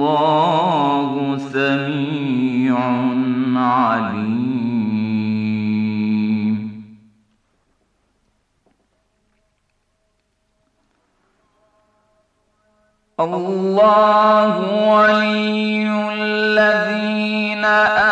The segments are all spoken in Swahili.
الله سميع عليم الله ولي الذين آمنوا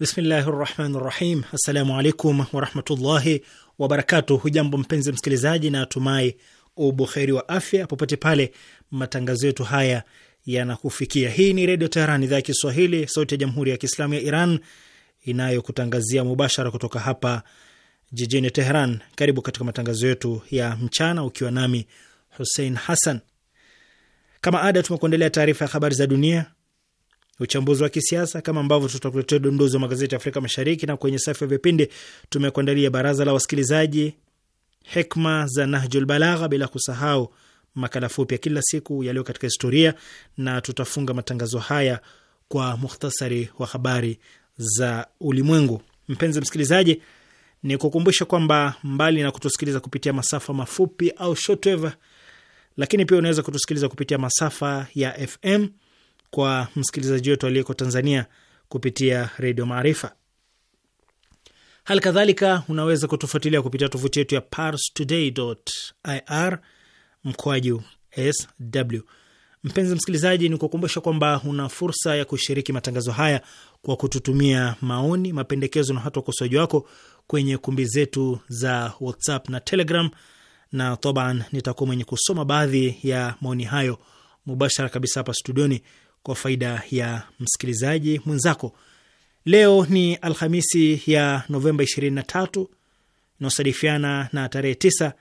Bismillahi rahmani rahim. Assalamu alaikum warahmatullahi wabarakatu. Hujambo mpenzi msikilizaji, na atumai ubuheri wa afya popote pale matangazo yetu haya yanakufikia. Hii ni Redio Teheran, idhaa ya Kiswahili, sauti ya Jamhuri ya Kiislamu ya Iran inayokutangazia mubashara kutoka hapa jijini Teheran. Karibu katika matangazo yetu ya mchana, ukiwa nami Husein Hassan. Kama ada, tumekuendelea taarifa ya habari za dunia uchambuzi wa kisiasa kama ambavyo tutakuletea dondozi wa magazeti ya Afrika Mashariki, na kwenye safu ya vipindi tumekuandalia baraza la wasikilizaji, hekma za Nahjul Balagha, bila kusahau makala fupi ya kila siku yaliyo katika historia, na tutafunga matangazo haya kwa muhtasari wa habari za ulimwengu. Mpenzi msikilizaji, ni kukumbusha kwamba mbali na kutusikiliza kupitia masafa mafupi au shortwave, lakini pia unaweza kutusikiliza kupitia masafa ya FM kwa msikilizaji wetu aliyeko Tanzania kupitia Redio Maarifa. Hali kadhalika unaweza kutufuatilia kupitia tovuti yetu ya parstoday.ir mkwaju sw. Mpenzi msikilizaji, ni kukumbusha kwamba una fursa ya kushiriki matangazo haya kwa kututumia maoni, mapendekezo na hata ukosoaji wako kwenye kumbi zetu za WhatsApp na Telegram, na toban nitakuwa mwenye kusoma baadhi ya maoni hayo mubashara kabisa hapa studioni kwa faida ya msikilizaji mwenzako. Leo ni Alhamisi ya Novemba 23 inaosadifiana na tarehe 9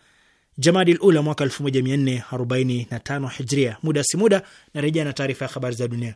Jamadil Ula mwaka 1445 Hijria. Muda si muda narejea na taarifa ya habari za dunia.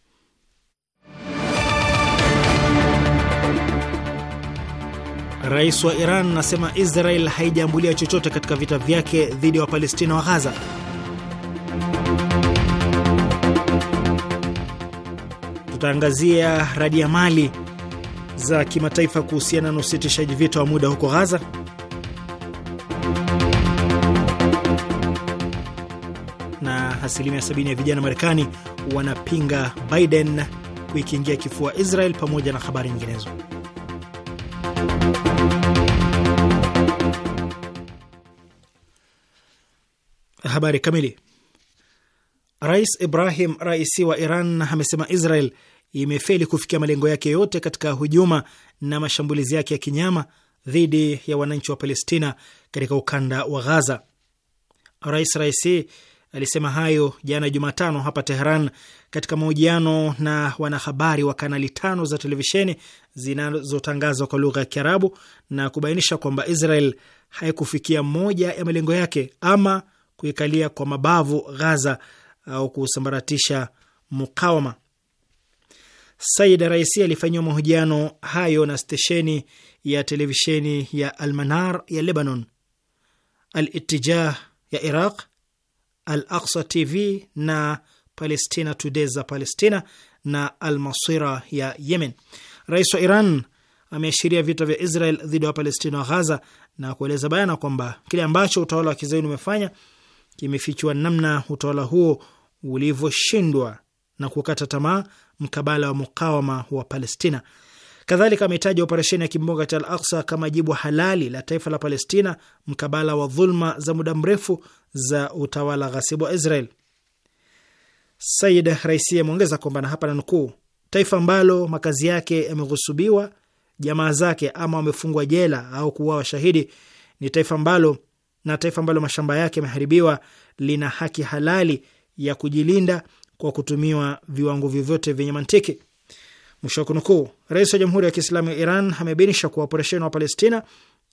Rais wa Iran anasema Israel haijaambulia chochote katika vita vyake dhidi ya Wapalestina wa Ghaza. Tutaangazia radi ya mali za kimataifa kuhusiana na usitishaji vita wa muda huko Ghaza. Na asilimia 7b ya vijana Marekani wanapinga Biden kuikiingia kifua Israel, pamoja na habari nyinginezo. Habari kamili. Rais Ibrahim Raisi wa Iran amesema Israel imefeli kufikia malengo yake yote katika hujuma na mashambulizi yake ya kinyama dhidi ya wananchi wa Palestina katika ukanda wa Ghaza. Rais Raisi alisema hayo jana Jumatano hapa Teheran katika mahojiano na wanahabari wa kanali tano za televisheni zinazotangazwa kwa lugha ya Kiarabu na kubainisha kwamba Israel haikufikia moja ya malengo yake ama kuikalia kwa mabavu Ghaza au kusambaratisha mukawama. Said Raisi alifanyiwa mahojiano hayo na stesheni ya televisheni ya Almanar ya Lebanon, al itijah ya Iraq, al aksa TV na Palestina Today za Palestina na Al-Masira ya Yemen. Rais wa Iran ameashiria vita vya Israel dhidi ya Wapalestina wa Ghaza na kueleza bayana kwamba kile ambacho utawala wa kizayuni umefanya kimefichua namna utawala huo ulivyoshindwa na kukata tamaa mkabala wa mukawama wa Palestina. Kadhalika ametaja operesheni ya kimbunga cha Al Aksa kama jibu halali la taifa la Palestina mkabala wa dhulma za muda mrefu za utawala ghasibu wa Israel. Said Raisi ameongeza kwamba, na hapa na nukuu, taifa ambalo makazi yake yameghusubiwa, jamaa zake ama wamefungwa jela au kuuawa shahidi, ni taifa ambalo na taifa ambalo mashamba yake yameharibiwa lina haki halali ya kujilinda kwa kutumiwa viwango vyovyote vyenye mantiki. Mwisho wa kunukuu. Rais wa Jamhuri ya Kiislamu ya Iran amebainisha kuwa operesheni wa Palestina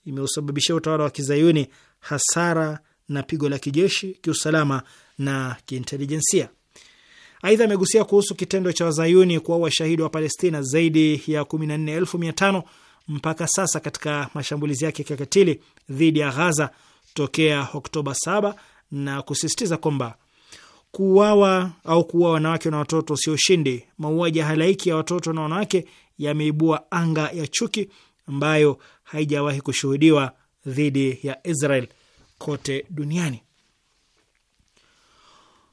imeusababishia utawala wa kizayuni hasara na pigo la kijeshi, kiusalama na kiintelijensia. Aidha, amegusia kuhusu kitendo cha wazayuni kuwa washahidi wa Palestina zaidi ya 14,500 mpaka sasa katika mashambulizi yake kikatili dhidi ya Ghaza tokea Oktoba 7 na kusisitiza kwamba kuuawa au kuua wanawake na watoto sio ushindi. Mauaji halaiki ya watoto na wanawake yameibua anga ya chuki ambayo haijawahi kushuhudiwa dhidi ya Israel kote duniani.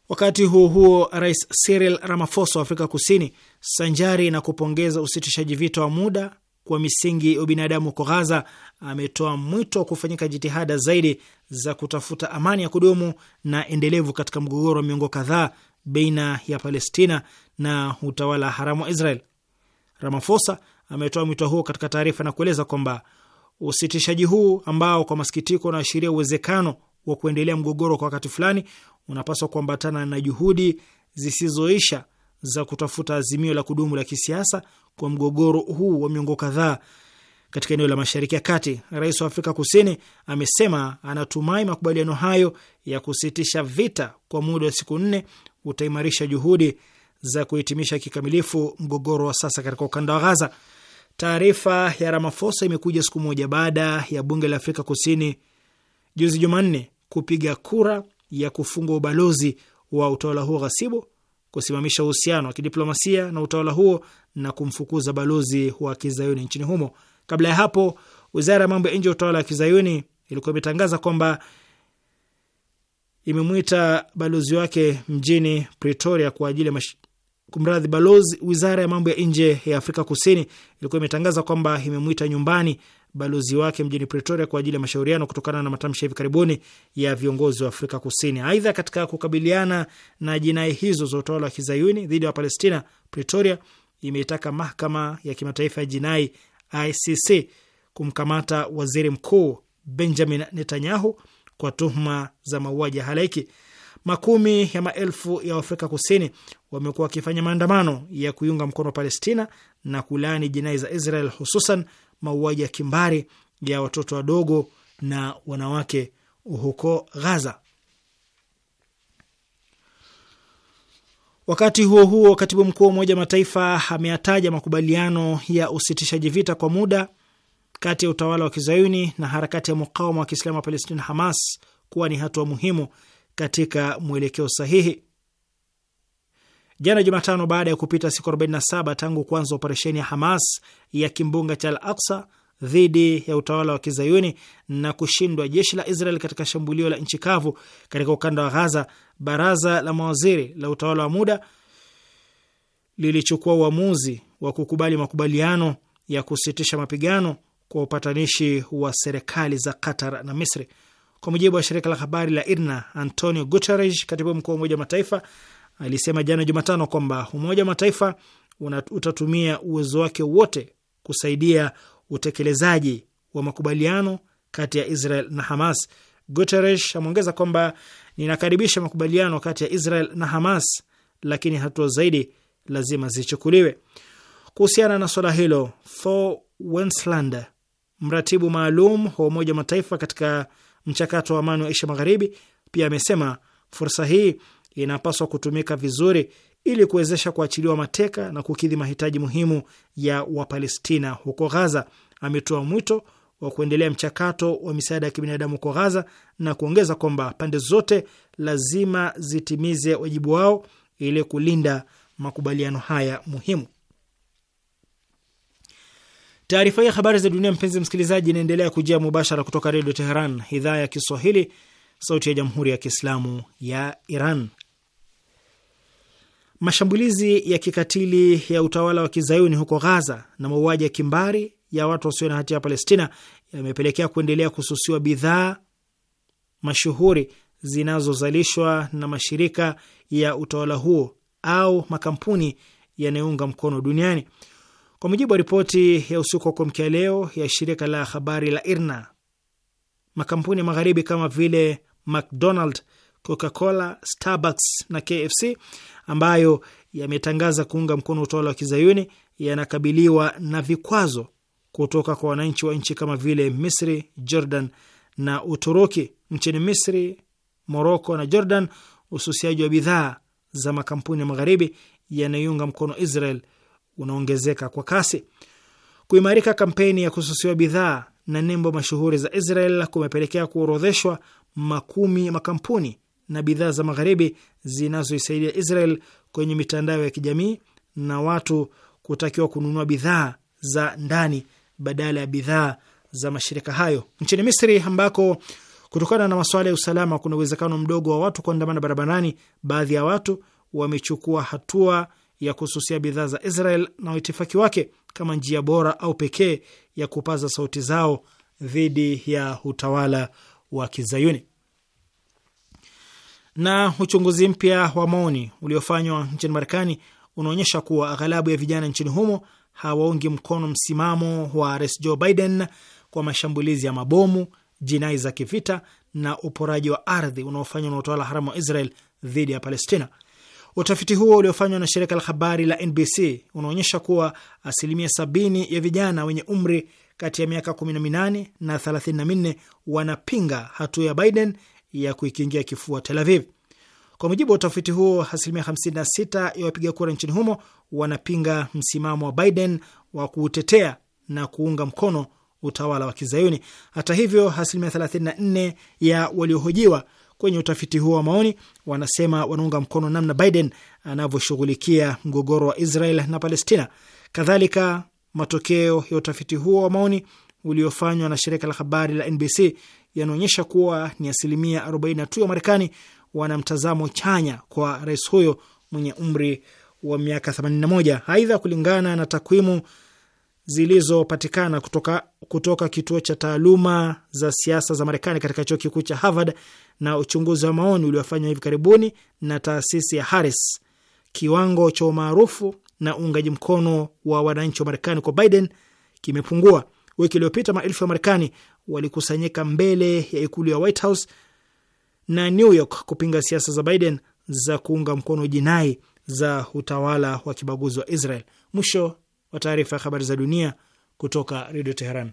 Wakati huo huo, Rais Cyril Ramaphosa wa Afrika Kusini, sanjari na kupongeza usitishaji vita wa muda kwa misingi ya ubinadamu huko Ghaza, ametoa mwito wa kufanyika jitihada zaidi za kutafuta amani ya kudumu na endelevu katika mgogoro wa miongo kadhaa baina ya Palestina na utawala haramu wa Israel. Ramaphosa ametoa mwito huo katika taarifa na kueleza kwamba usitishaji huu ambao kwa masikitiko unaashiria uwezekano wa kuendelea mgogoro kwa wakati fulani unapaswa kuambatana na juhudi zisizoisha za kutafuta azimio la kudumu la kisiasa kwa mgogoro huu wa miongo kadhaa katika eneo la Mashariki ya Kati. Rais wa Afrika Kusini amesema anatumai makubaliano hayo ya kusitisha vita kwa muda wa siku nne utaimarisha juhudi za kuhitimisha kikamilifu mgogoro wa sasa katika ukanda wa Gaza. Taarifa ya Ramafosa imekuja siku moja baada ya bunge la Afrika Kusini juzi Jumanne kupiga kura ya kufungwa ubalozi wa utawala huo ghasibu kusimamisha uhusiano wa kidiplomasia na utawala huo na kumfukuza balozi wa kizayuni nchini humo. Kabla ya hapo, wizara ya mambo ya nje ya utawala wa kizayuni ilikuwa imetangaza kwamba imemwita balozi wake mjini Pretoria kwa ajili ya kumradhi, balozi, wizara ya mambo ya nje ya Afrika Kusini ilikuwa imetangaza kwamba imemwita nyumbani balozi wake mjini Pretoria kwa ajili ya mashauriano kutokana na matamshi ya hivi karibuni ya viongozi wa Afrika Kusini. Aidha, katika kukabiliana na jinai hizo za utawala wa kizayuni dhidi ya Palestina, Pretoria imeitaka mahakama ya kimataifa ya jinai ICC kumkamata waziri mkuu Benjamin Netanyahu kwa tuhuma za mauaji ya halaiki. Makumi ya maelfu ya Afrika Kusini wamekuwa wakifanya maandamano ya kuiunga mkono Palestina na kulaani jinai za Israel, hususan mauaji ya kimbari ya watoto wadogo na wanawake huko Gaza. Wakati huo huo, katibu mkuu wa Umoja wa Mataifa ameyataja makubaliano ya usitishaji vita kwa muda kati ya utawala wa kizayuni na harakati ya mukawama wa kiislamu wa Palestina, Hamas, kuwa ni hatua muhimu katika mwelekeo sahihi. Jana Jumatano, baada ya kupita siku 47 tangu kuanza operesheni ya Hamas ya kimbunga cha Al Aksa dhidi ya utawala wa kizayuni na kushindwa jeshi la Israel katika shambulio la nchi kavu katika ukanda wa Ghaza, baraza la mawaziri la utawala wa muda lilichukua uamuzi wa kukubali makubaliano ya kusitisha mapigano kwa upatanishi wa serikali za Qatar na Misri. Kwa mujibu wa shirika la habari la IRNA, Antonio Guterres, katibu mkuu wa Umoja wa Mataifa, alisema jana Jumatano kwamba Umoja wa Mataifa utatumia uwezo wake wote kusaidia utekelezaji wa makubaliano kati ya Israel na Hamas. Guterres ameongeza kwamba ninakaribisha makubaliano kati ya Israel na Hamas, lakini hatua zaidi lazima zichukuliwe. Kuhusiana na swala hilo, Thor Wennesland, mratibu maalum wa Umoja wa Mataifa katika mchakato wa amani wa Asia Magharibi, pia amesema fursa hii inapaswa kutumika vizuri ili kuwezesha kuachiliwa mateka na kukidhi mahitaji muhimu ya Wapalestina huko Ghaza. Ametoa mwito wa kuendelea mchakato wa misaada ya kibinadamu huko Ghaza na kuongeza kwamba pande zote lazima zitimize wajibu wao ili kulinda makubaliano haya muhimu. Taarifa hii ya habari za dunia, mpenzi msikilizaji, inaendelea kujia mubashara kutoka Redio Teheran, idhaa ya Kiswahili, sauti ya jamhuri ya kiislamu ya Iran. Mashambulizi ya kikatili ya utawala wa kizayuni huko Ghaza na mauaji ya kimbari ya watu wasio na hatia ya Palestina yamepelekea kuendelea kususiwa bidhaa mashuhuri zinazozalishwa na mashirika ya utawala huo au makampuni yanayounga mkono duniani. Kwa mujibu wa ripoti ya usiku wa kuamkia leo ya shirika la habari la IRNA, makampuni ya magharibi kama vile McDonald, Coca-Cola, Starbucks na KFC ambayo yametangaza kuunga mkono utawala wa kizayuni yanakabiliwa na vikwazo kutoka kwa wananchi wa nchi kama vile Misri, Jordan na Uturuki. Nchini Misri, Moroko na Jordan, ususiaji wa bidhaa za makampuni ya magharibi yanayounga mkono Israel unaongezeka kwa kasi. Kuimarika kampeni ya kususiwa bidhaa na nembo mashuhuri za Israel kumepelekea kuorodheshwa makumi makampuni na bidhaa za magharibi zinazoisaidia Israel kwenye mitandao ya kijamii na watu kutakiwa kununua bidhaa za ndani badala ya bidhaa za mashirika hayo. Nchini Misri ambako kutokana na masuala ya usalama kuna uwezekano mdogo wa watu kuandamana barabarani, baadhi ya watu wamechukua hatua ya kususia bidhaa za Israel na waitifaki wake kama njia bora au pekee ya kupaza sauti zao dhidi ya utawala wa Kizayuni. Na uchunguzi mpya wa maoni uliofanywa nchini Marekani unaonyesha kuwa aghalabu ya vijana nchini humo hawaungi mkono msimamo wa Rais Joe Biden kwa mashambulizi ya mabomu, jinai za kivita na uporaji wa ardhi unaofanywa na utawala haramu wa Israel dhidi ya Palestina. Utafiti huo uliofanywa na shirika la habari la NBC unaonyesha kuwa asilimia sabini ya vijana wenye umri kati ya miaka 18 na 34 wanapinga hatua ya Biden ya kuikingia kifua Tel Aviv. Kwa mujibu wa utafiti huo, asilimia 56 ya wapiga kura nchini humo wanapinga msimamo wa Biden wa kuutetea na kuunga mkono utawala wa Kizayuni. Hata hivyo, asilimia 34 ya waliohojiwa kwenye utafiti huo wa maoni wanasema wanaunga mkono namna Biden anavyoshughulikia mgogoro wa Israel na Palestina. Kadhalika, matokeo ya utafiti huo wa maoni uliofanywa na shirika la habari la NBC yanaonyesha kuwa ni asilimia 42 wa Marekani wana mtazamo chanya kwa rais huyo mwenye umri wa miaka 81. Aidha, kulingana na takwimu zilizopatikana kutoka, kutoka kituo cha taaluma za siasa za Marekani katika chuo kikuu cha Harvard na uchunguzi wa maoni uliofanywa hivi karibuni na taasisi ya Harris, kiwango cha umaarufu na uungaji mkono wa wananchi wa Marekani kwa Biden kimepungua. Wiki iliyopita maelfu ya Marekani walikusanyika mbele ya ikulu ya White House na New York kupinga siasa za Biden za kuunga mkono jinai za utawala wa kibaguzi wa Israel. Mwisho wa taarifa ya habari za dunia kutoka Redio Teheran.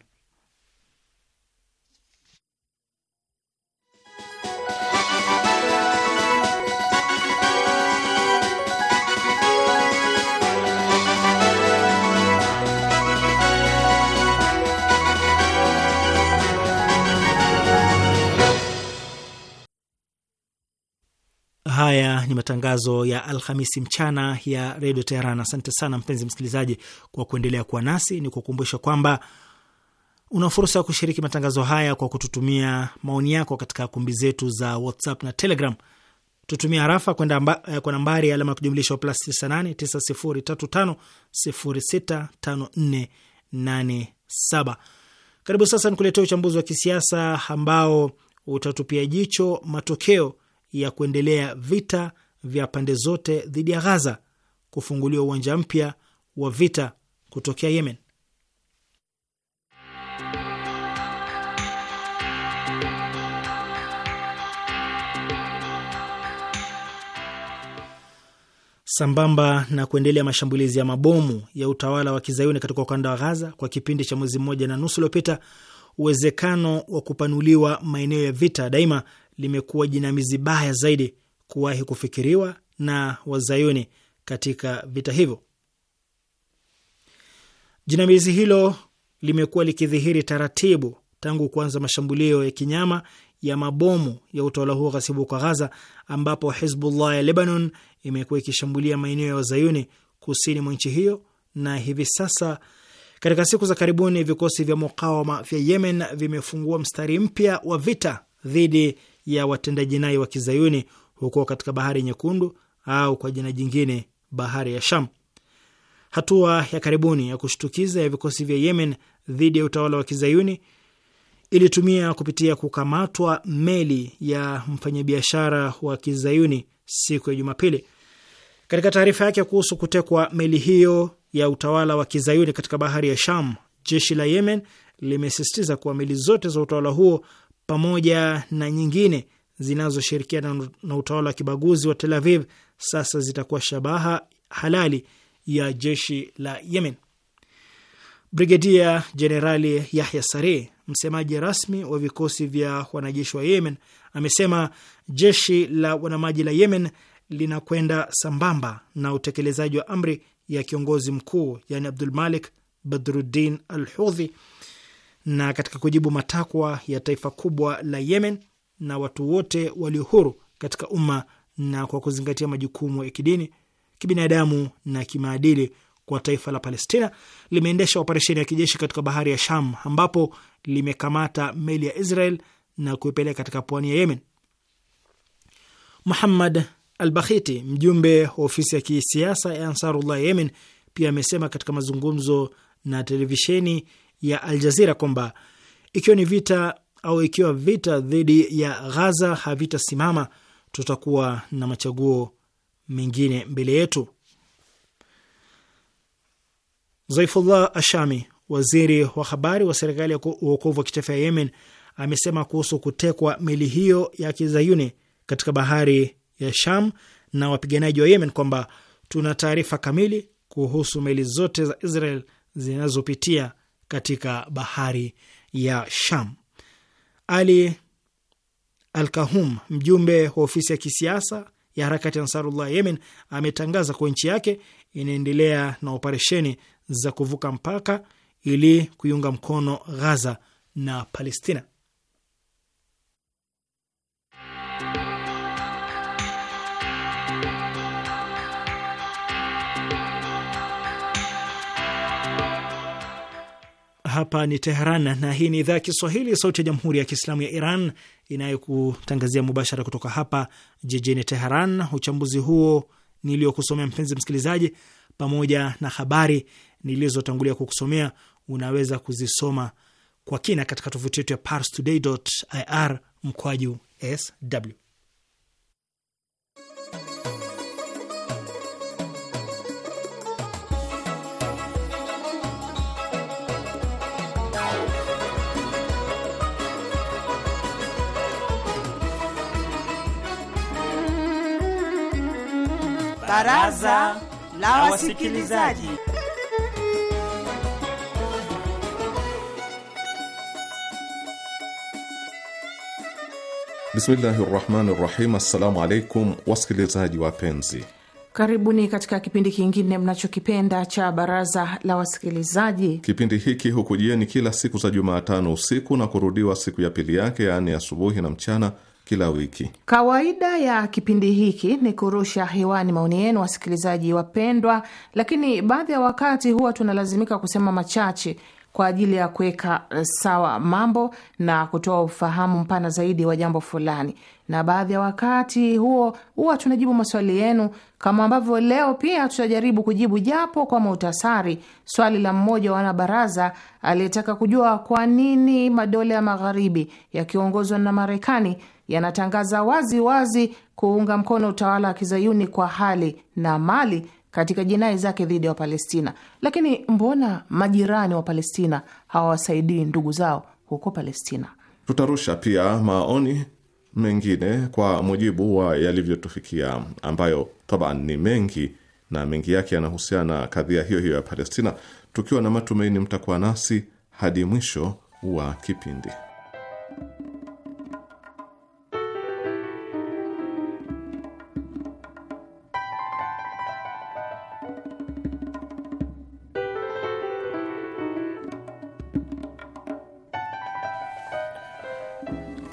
ni matangazo ya Alhamisi mchana ya redio Teheran. Asante sana mpenzi msikilizaji kwa kuendelea kuwa nasi. Ni kukumbusha kwamba una fursa ya kushiriki matangazo haya kwa kututumia maoni yako katika kumbi zetu za WhatsApp na Telegram. Tutumia harafa kwenda eh, kwa nambari ya alama ya kujumlisha plus 98 Karibu sasa nikuletea uchambuzi wa kisiasa ambao utatupia jicho matokeo ya kuendelea vita vya pande zote dhidi ya Ghaza kufunguliwa uwanja mpya wa vita kutokea Yemen. Sambamba na kuendelea mashambulizi ya mabomu ya utawala wa kizayuni katika ukanda wa Ghaza kwa kipindi cha mwezi mmoja na nusu uliopita, uwezekano wa kupanuliwa maeneo ya vita daima limekuwa jinamizi baya zaidi kuwahi kufikiriwa na wazayuni katika vita hivyo. Jinamizi hilo limekuwa likidhihiri taratibu tangu kuanza mashambulio ya kinyama ya mabomu ya utawala huo ghasibu kwa Ghaza, ambapo Hizbullah ya Lebanon imekuwa ikishambulia maeneo ya wazayuni kusini mwa nchi hiyo, na hivi sasa katika siku za karibuni vikosi vya mukawama vya Yemen vimefungua mstari mpya wa vita dhidi ya watendaji nai wa kizayuni huko katika bahari Nyekundu au kwa jina jingine bahari ya Sham. Hatua ya karibuni ya kushtukiza ya vikosi vya Yemen dhidi ya utawala wa kizayuni ilitumia kupitia kukamatwa meli ya mfanyabiashara wa kizayuni siku ya Jumapili. Katika taarifa yake kuhusu kutekwa meli hiyo ya utawala wa kizayuni katika bahari ya Sham, jeshi la Yemen limesisitiza kuwa meli zote za utawala huo pamoja na nyingine zinazoshirikiana na utawala wa kibaguzi wa Tel Aviv sasa zitakuwa shabaha halali ya jeshi la Yemen. Brigedia Jenerali Yahya Sareh, msemaji rasmi wa vikosi vya wanajeshi wa Yemen, amesema jeshi la wanamaji la Yemen linakwenda sambamba na utekelezaji wa amri ya kiongozi mkuu yani Abdul Malik Badruddin Al Hudhi, na katika kujibu matakwa ya taifa kubwa la Yemen na watu wote walio huru katika umma na kwa kuzingatia majukumu ya kidini, kibinadamu na kimaadili kwa taifa la Palestina limeendesha operesheni ya kijeshi katika bahari ya Sham ambapo limekamata meli ya Israel na kuipeleka katika pwani ya Yemen. Muhammad Al-Bakhiti, mjumbe wa ofisi ya kisiasa ya Ansarullah Yemen, pia amesema katika mazungumzo na televisheni ya Al kwamba ikiwa ni vita au ikiwa vita dhidi ya Ghaza havitasimama, tutakuwa na machaguo mengine mbele yetu. Zaifullah Ashami, waziri wa habari wa serikali ya uokovu wa kitaifa ya Yemen, amesema kuhusu kutekwa meli hiyo ya kizayuni katika bahari ya Sham na wapiganaji wa Yemen kwamba tuna taarifa kamili kuhusu meli zote za Israel zinazopitia katika bahari ya Sham. Ali Alkahum, mjumbe wa ofisi ya kisiasa ya harakati Ansarullah Yemen, ametangaza kuwa nchi yake inaendelea na operesheni za kuvuka mpaka ili kuiunga mkono Ghaza na Palestina. hapa ni teheran na hii ni idhaa ya Kiswahili, sauti ya jamhuri ya kiislamu ya Iran inayokutangazia mubashara kutoka hapa jijini Teheran. Uchambuzi huo niliokusomea mpenzi msikilizaji, pamoja na habari nilizotangulia kukusomea, unaweza kuzisoma kwa kina katika tovuti yetu ya parstoday.ir mkwaju sw Baraza la Wasikilizaji. Bismillahi rahmani rahim. Assalamu alaikum wasikilizaji wapenzi, karibuni katika kipindi kingine mnachokipenda cha baraza la wasikilizaji. Kipindi hiki hukujieni kila siku za Jumatano usiku na kurudiwa siku ya pili yake, yaani asubuhi na mchana kila wiki. Kawaida ya kipindi hiki ni kurusha hewani maoni yenu, wasikilizaji wapendwa, lakini baadhi ya wakati huwa tunalazimika kusema machache kwa ajili ya kuweka eh, sawa mambo na kutoa ufahamu mpana zaidi wa jambo fulani, na baadhi ya wakati huo huwa tunajibu maswali yenu, kama ambavyo leo pia tutajaribu kujibu japo kwa muhtasari swali la mmoja wa wanabaraza aliyetaka kujua kwa nini madola ya magharibi yakiongozwa na Marekani yanatangaza wazi wazi kuunga mkono utawala wa kizayuni kwa hali na mali katika jinai zake dhidi ya Wapalestina. Lakini mbona majirani wa Palestina hawawasaidii ndugu zao huko Palestina? Tutarusha pia maoni mengine kwa mujibu wa yalivyotufikia, ambayo taban ni mengi na mengi yake yanahusiana na kadhia hiyo hiyo ya Palestina, tukiwa na matumaini mtakuwa nasi hadi mwisho wa kipindi.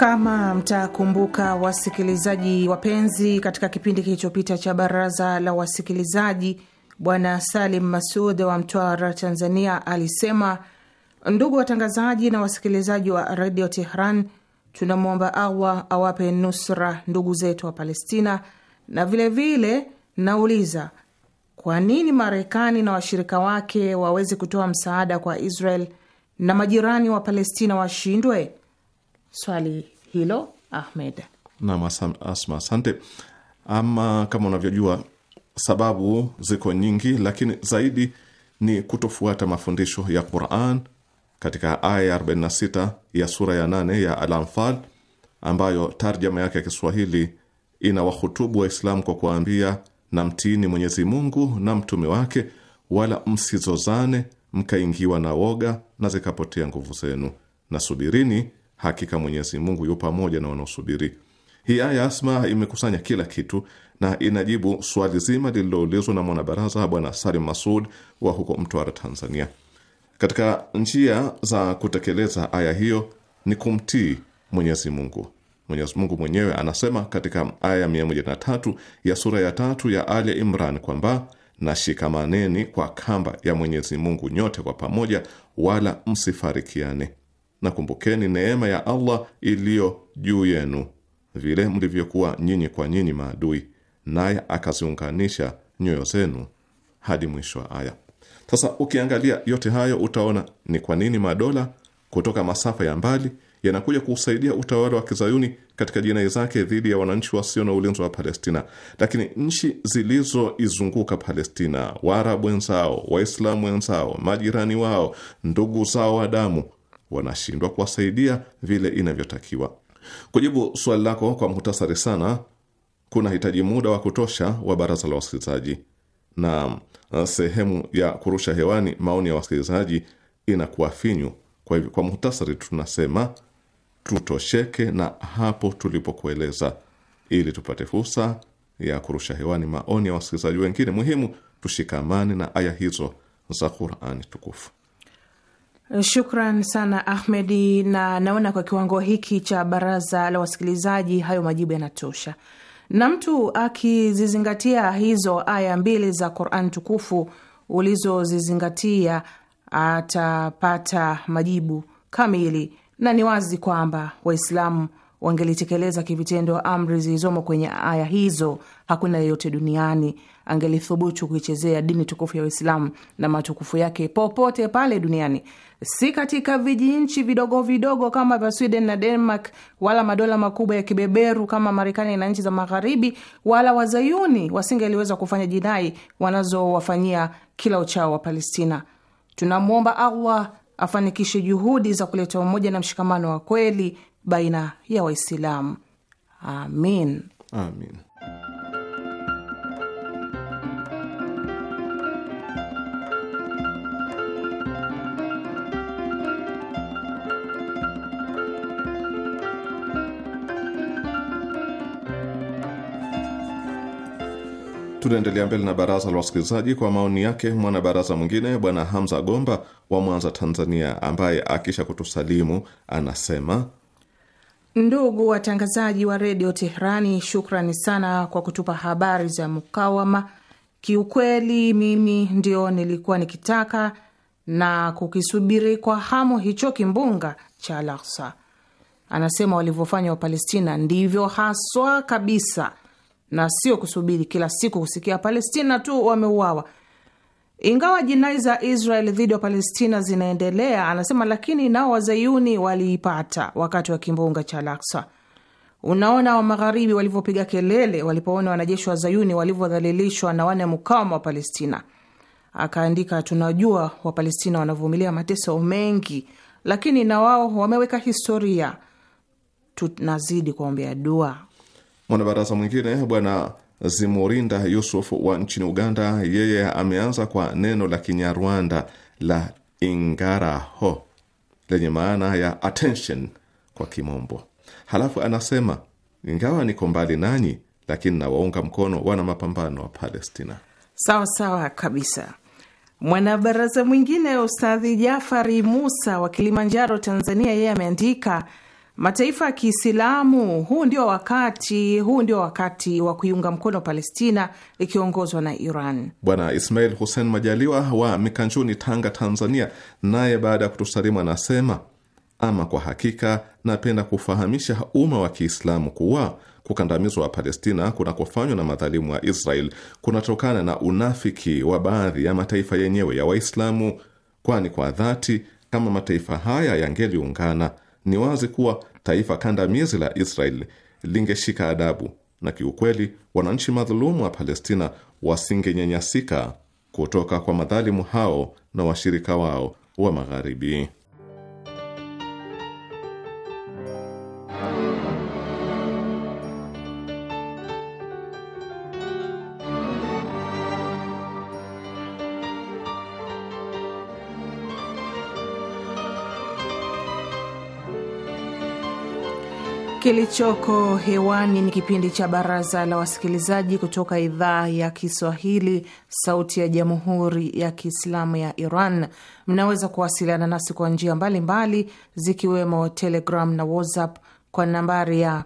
Kama mtakumbuka wasikilizaji wapenzi, katika kipindi kilichopita cha baraza la wasikilizaji, Bwana Salim Masud wa Mtwara, Tanzania, alisema ndugu watangazaji na wasikilizaji wa redio Tehran, tunamwomba Allah awape nusra ndugu zetu wa Palestina, na vilevile vile, nauliza kwa nini Marekani na washirika wake waweze kutoa msaada kwa Israel na majirani wa Palestina washindwe? swali hilo Ahmed. Naam, Asma, asante. Ama kama unavyojua, sababu ziko nyingi, lakini zaidi ni kutofuata mafundisho ya Quran katika aya ya 46 ya sura ya 8 ya Al-Anfal ambayo tarjama yake ya Kiswahili ina wahutubu Waislamu kwa kuambia na mtiini Mwenyezi Mungu na mtume wake, wala msizozane mkaingiwa na woga na zikapotea nguvu zenu, na subirini Hakika Mwenyezi Mungu yu pamoja na wanaosubiri. Hii aya Asma imekusanya kila kitu na inajibu swali zima lililoulizwa na mwanabaraza Bwana Salim Masud wa huko Mtwara, Tanzania. Katika njia za kutekeleza aya hiyo ni kumtii Mwenyezi Mungu. Mwenyezi Mungu mwenyewe anasema katika aya 103 ya sura ya tatu ya Ali Imran kwamba na shikamaneni kwa kamba ya Mwenyezi Mungu nyote kwa pamoja, wala msifarikiane na kumbukeni neema ya Allah iliyo juu yenu, vile mlivyokuwa nyinyi kwa nyinyi maadui, naye akaziunganisha nyoyo zenu hadi mwisho wa aya. Sasa ukiangalia yote hayo, utaona ni kwa nini madola kutoka masafa ya mbali yanakuja kuusaidia utawala wa kizayuni katika jinai zake dhidi ya wananchi wasio na ulinzi wa Palestina. Lakini nchi zilizoizunguka Palestina, Waarabu wenzao, Waislamu wenzao, majirani wao, ndugu zao wa damu wanashindwa kuwasaidia vile inavyotakiwa. Kujibu swali lako kwa muhtasari sana, kuna hitaji muda wa kutosha wa baraza la wasikilizaji na uh, sehemu ya kurusha hewani maoni ya wasikilizaji inakuwa finyu. Kwa hivyo, kwa muhtasari, tunasema tutosheke na hapo tulipokueleza, ili tupate fursa ya kurusha hewani maoni ya wasikilizaji wengine. Muhimu tushikamane na aya hizo za Qur'ani tukufu. Shukran sana Ahmedi, na naona kwa kiwango hiki cha baraza la wasikilizaji hayo majibu yanatosha, na mtu akizizingatia hizo aya mbili za Quran tukufu ulizozizingatia atapata majibu kamili, na ni wazi kwamba Waislamu wangelitekeleza kivitendo amri zilizomo kwenye aya hizo, hakuna yeyote duniani angelithubutu kuichezea dini tukufu ya Uislamu na matukufu yake popote pale duniani, si katika vijinchi vidogo vidogo kama vya Sweden na Denmark, wala madola makubwa ya kibeberu kama Marekani na nchi za Magharibi, wala wazayuni wasingeliweza kufanya jinai wanazowafanyia kila uchao wa Palestina. Tunamwomba Allah afanikishe juhudi za kuleta umoja na mshikamano wa kweli baina ya Waislamu. Amin, amin. Tunaendelea mbele na baraza la wasikilizaji kwa maoni yake mwanabaraza mwingine Bwana Hamza Gomba wa Mwanza, Tanzania, ambaye akisha kutusalimu anasema Ndugu watangazaji wa redio Teherani, shukrani sana kwa kutupa habari za mukawama. Kiukweli mimi ndio nilikuwa nikitaka na kukisubiri kwa hamu hicho kimbunga cha Al-Aqsa. Anasema walivyofanya Wapalestina ndivyo haswa kabisa, na sio kusubiri kila siku kusikia Palestina tu wameuawa, ingawa jinai za Israel dhidi ya Palestina zinaendelea, anasema, lakini nao wazayuni waliipata wakati wa kimbunga cha Al-Aqsa. Unaona wa magharibi walivyopiga kelele walipoona wanajeshi wa zayuni walivyodhalilishwa na wana mukawama wa Palestina. Akaandika, tunajua Wapalestina wanavumilia mateso mengi, lakini na wao wameweka historia. Tunazidi kuombea dua. Mwanabaraza mwingine bwana Zimurinda Yusuf wa nchini Uganda, yeye ameanza kwa neno la Kinyarwanda la ingaraho lenye maana ya attention kwa Kimombo. Halafu anasema ingawa niko mbali nanyi, lakini nawaunga mkono wana mapambano wa Palestina. Sawa sawa kabisa. Mwanabaraza mwingine Ustadhi Jafari Musa wa Kilimanjaro, Tanzania, yeye ameandika mataifa ya Kiislamu, huu ndio wakati, huu ndio wakati wa kuiunga mkono Palestina ikiongozwa na Iran. Bwana Ismail Hussein Majaliwa wa Mikanjuni, Tanga, Tanzania, naye baada ya kutusalimu anasema ama kwa hakika napenda kufahamisha umma wa Kiislamu kuwa kukandamizwa wa Palestina kunakofanywa na madhalimu wa Israel kunatokana na unafiki wa baadhi ya mataifa yenyewe ya Waislamu, kwani kwa dhati kama mataifa haya yangeliungana, ni wazi kuwa taifa kandamizi la Israel lingeshika adabu, na kiukweli wananchi madhulumu wa Palestina wasingenyanyasika kutoka kwa madhalimu hao na washirika wao wa Magharibi. Kilichoko hewani ni kipindi cha Baraza la Wasikilizaji kutoka idhaa ya Kiswahili, Sauti ya Jamhuri ya Kiislamu ya Iran. Mnaweza kuwasiliana nasi kwa njia mbalimbali, zikiwemo Telegram na WhatsApp kwa nambari ya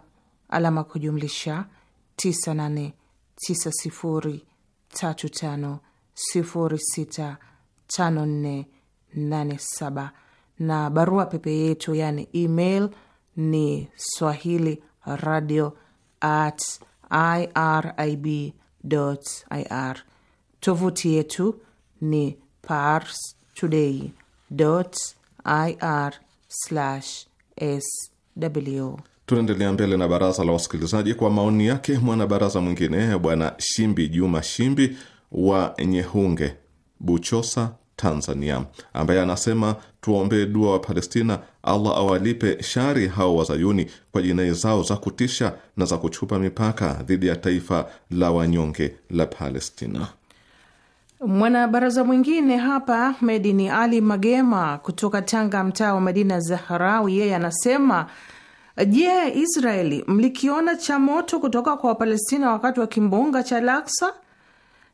alama kujumlisha 989035065487 na barua pepe yetu, yani email ni swahili radio at irib ir. Tovuti yetu ni pars today ir sw. Tunaendelea mbele na baraza la wasikilizaji kwa maoni yake mwanabaraza mwingine, Bwana Shimbi Juma Shimbi wa Nyehunge, Buchosa, Tanzania, ambaye anasema tuwaombee dua wa Palestina, Allah awalipe shari hao wazayuni kwa jinai zao za kutisha na za kuchupa mipaka dhidi ya taifa la wanyonge la Palestina. Mwanabaraza mwingine hapa Medi ni Ali Magema kutoka Tanga, mtaa wa Madina Zaharawi. Yeye anasema je, yeah, Israeli mlikiona cha moto kutoka kwa Wapalestina wakati wa kimbunga cha Laksa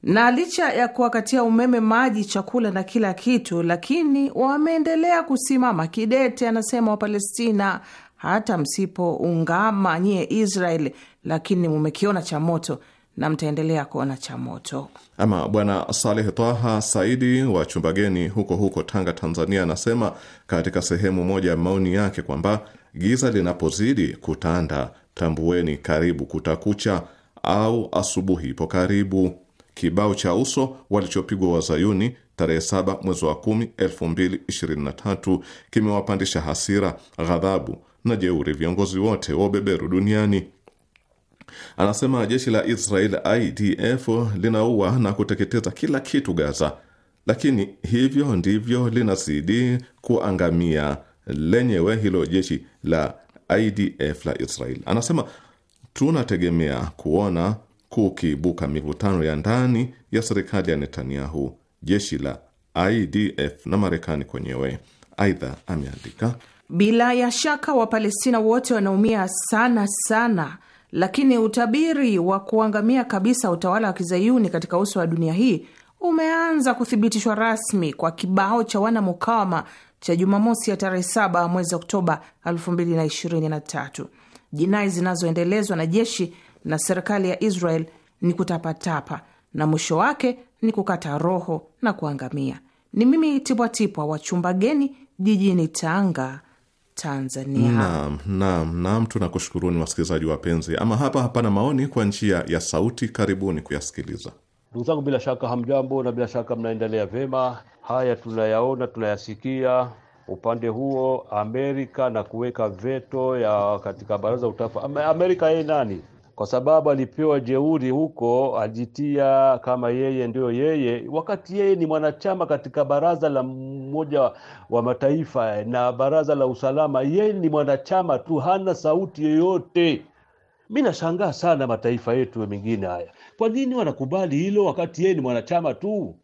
na licha ya kuwakatia umeme, maji, chakula na kila kitu, lakini wameendelea kusimama kidete, anasema Wapalestina, hata msipoungama nyie israel lakini mumekiona cha moto na mtaendelea kuona cha moto. Ama Bwana Saleh Taha Saidi wa Chumbageni huko huko Tanga, Tanzania, anasema katika sehemu moja ya maoni yake kwamba giza linapozidi kutanda, tambueni karibu kutakucha au asubuhi ipo karibu kibao cha uso walichopigwa wazayuni tarehe 7 mwezi wa 10 2023 kimewapandisha hasira, ghadhabu na jeuri viongozi wote wa ubeberu duniani. Anasema jeshi la Israel IDF linaua na kuteketeza kila kitu Gaza, lakini hivyo ndivyo linazidi kuangamia lenyewe hilo jeshi la IDF la Israel. Anasema tunategemea kuona kukiibuka mivutano ya ndani ya serikali ya Netanyahu, jeshi la IDF na Marekani kwenyewe. Aidha ameandika bila ya shaka Wapalestina wote wanaumia sana sana, lakini utabiri wa kuangamia kabisa utawala wa kizayuni katika uso wa dunia hii umeanza kuthibitishwa rasmi kwa kibao cha wanamukawama cha Jumamosi ya tarehe 7 mwezi Oktoba 2023. Jinai zinazoendelezwa na jeshi na serikali ya Israel ni kutapatapa na mwisho wake ni kukata roho na kuangamia. Ni mimi Tipwatipwa wa chumba geni jijini Tanga, Tanzania. Naam, naam, naam, tunakushukuruni wasikilizaji wapenzi. Ama hapa hapana maoni kwa njia ya sauti, karibuni kuyasikiliza. Ndugu zangu, bila shaka hamjambo, na bila shaka mnaendelea vyema. Haya tunayaona, tunayasikia upande huo Amerika na kuweka veto ya katika baraza utafa Amerika yeye nani? kwa sababu alipewa jeuri huko, ajitia kama yeye ndio yeye, wakati yeye ni mwanachama katika baraza la mmoja wa mataifa na baraza la usalama. Yeye ni mwanachama tu, hana sauti yoyote. Mi nashangaa sana mataifa yetu mengine haya, kwa nini wanakubali hilo wakati yeye ni mwanachama tu?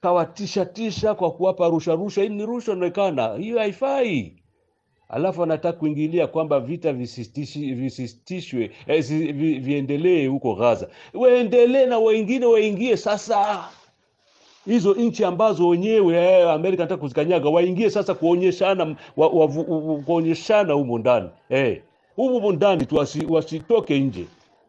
Kawatishatisha kwa kuwapa rusharusha. Hii ni rusha inaonekana, hiyo haifai alafu anataka kuingilia kwamba vita visistishwe eh, viendelee huko Gaza, waendelee na wengine waingie sasa hizo nchi ambazo wenyewe eh, Amerika anataka kuzikanyaga waingie sasa, kuonyeshana wa, wa, kuonyeshana humo ndani hey, eh, humo ndani tu, wasitoke nje,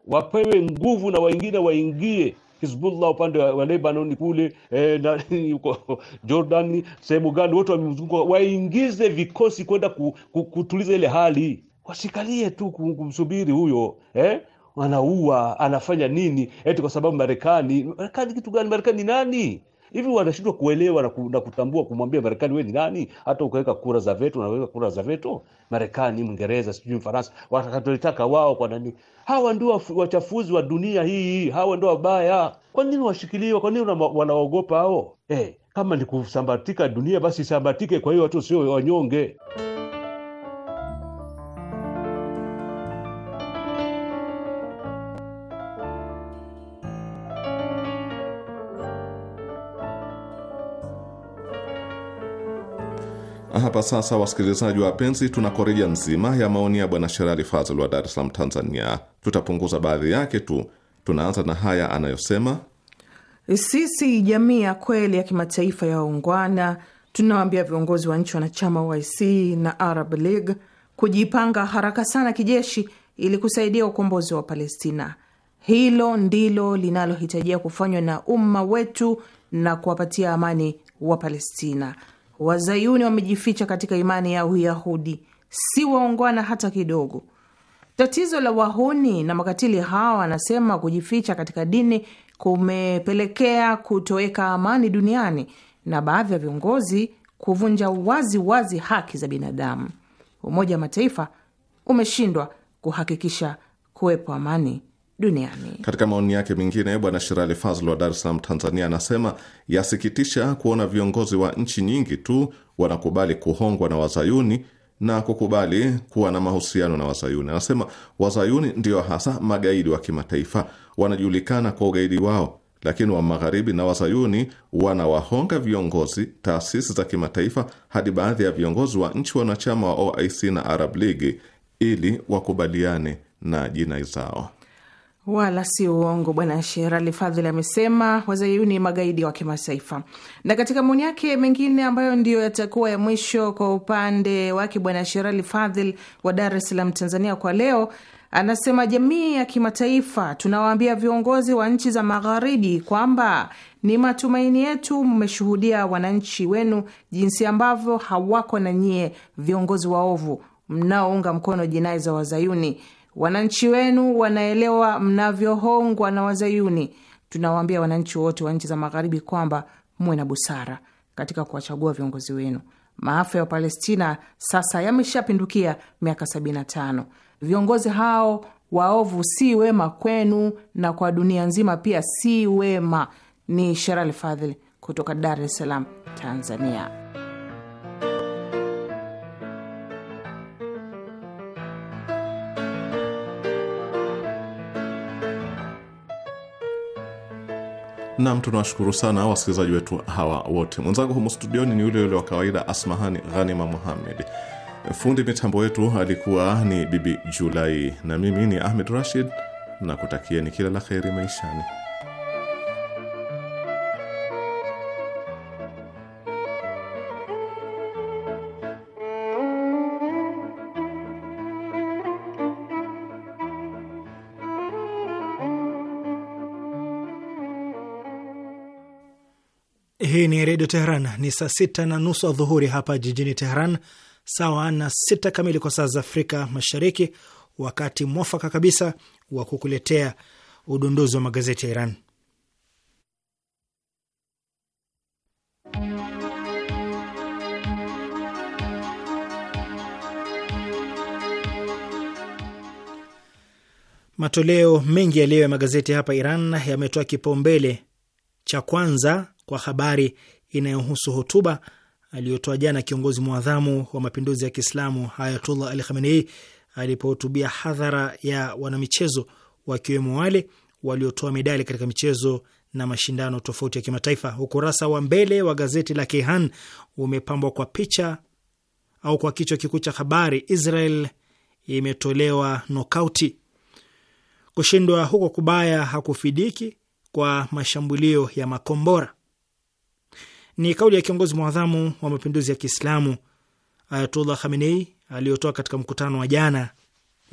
wapewe nguvu na wengine waingie Hizbullah upande wa Lebanon kule eh, na Jordan sehemu gani, wote wamemzunguka, waingize vikosi kwenda ku, ku, kutuliza ile hali, wasikalie tu kumsubiri huyo eh? Anaua anafanya nini eti kwa sababu Marekani. Marekani kitu gani? Marekani nani? hivi wanashindwa kuelewa na, ku, na kutambua kumwambia Marekani wewe ni nani, hata ukaweka kura za veto, unaweka kura za veto Marekani, mwingereza sijui Mfaransa, watakatolitaka wao kwa nani? Hawa ndio wachafuzi wa dunia hii, hawa ndio wabaya. Kwa nini washikiliwa? Kwa nini wanaogopa hao? Eh, kama ni kusambatika dunia basi sambatike, kwa hiyo watu sio wanyonge. hapa sasa, wasikilizaji wapenzi, tuna korija nzima ya maoni ya bwana Sherali Fazl wa Dar es Salaam, Tanzania. Tutapunguza baadhi yake tu. Tunaanza na haya anayosema: sisi jamii ya kweli ya kimataifa ya waungwana tunawaambia viongozi wa nchi wanachama IC na Arab League kujipanga haraka sana kijeshi ili kusaidia ukombozi wa Palestina. Hilo ndilo linalohitajia kufanywa na umma wetu na kuwapatia amani wa Palestina. Wazayuni wamejificha katika imani ya Uyahudi, si waungwana hata kidogo. Tatizo la wahuni na makatili hawa wanasema kujificha katika dini kumepelekea kutoweka amani duniani na baadhi ya viongozi kuvunja wazi wazi haki za binadamu. Umoja wa Mataifa umeshindwa kuhakikisha kuwepo amani duniani. Katika maoni yake mengine, Bwana Shirali Fazl wa Dar es Salaam, Tanzania, anasema yasikitisha kuona viongozi wa nchi nyingi tu wanakubali kuhongwa na wazayuni na kukubali kuwa na mahusiano na wazayuni. Anasema wazayuni ndio hasa magaidi wa kimataifa, wanajulikana kwa ugaidi wao, lakini wa magharibi na wazayuni wanawahonga viongozi, taasisi za kimataifa, hadi baadhi ya viongozi wa nchi wanachama wa OIC na Arab League ili wakubaliane na jinai zao. Wala si uongo, Bwana Sherali Fadhili amesema wazayuni magaidi wa kimataifa. Na katika maoni yake mengine ambayo ndiyo yatakuwa ya mwisho kwa upande wake, Bwana Sherali Fadhili wa Dar es Salaam, Tanzania, kwa leo anasema, jamii ya kimataifa, tunawaambia viongozi wa nchi za magharibi kwamba ni matumaini yetu mmeshuhudia wananchi wenu jinsi ambavyo hawako na nyie, viongozi waovu mnaounga mkono jinai za wazayuni Wananchi wenu wanaelewa mnavyohongwa na Wazayuni. Tunawaambia wananchi wote wa nchi za Magharibi kwamba muwe na busara katika kuwachagua viongozi wenu. Maafa ya Palestina sasa yameshapindukia miaka 75. Viongozi hao waovu si wema kwenu na kwa dunia nzima pia si wema. Ni Sherali Fadhili kutoka Dar es Salaam, Tanzania. Nam, tunawashukuru sana wasikilizaji wetu hawa wote. Mwenzangu humu studioni ni yule yule wa kawaida Asmahani Ghanima Muhammed. Fundi mitambo wetu alikuwa ni Bibi Julai na mimi ni Ahmed Rashid na kutakieni kila la kheri maishani. Hii ni Redio Teheran. Ni saa sita na nusu adhuhuri hapa jijini Teheran, sawa na sita kamili kwa saa za Afrika Mashariki, wakati mwafaka kabisa wa kukuletea udondozi wa magazeti ya Iran. Matoleo mengi ya leo ya magazeti hapa Iran yametoa kipaumbele cha kwanza kwa habari inayohusu hotuba aliyotoa jana kiongozi mwadhamu wa mapinduzi ya Kiislamu Ayatullah Ali Khamenei alipohutubia hadhara ya wanamichezo wakiwemo wale waliotoa medali katika michezo na mashindano tofauti ya kimataifa. Ukurasa wa mbele wa gazeti la Kehan umepambwa kwa picha au kwa kichwa kikuu cha habari, Israel imetolewa nokauti. Kushindwa huko kubaya hakufidiki kwa mashambulio ya makombora. Ni kauli ya kiongozi mwadhamu wa mapinduzi ya Kiislamu Ayatullah Khamenei aliyotoa katika mkutano wa jana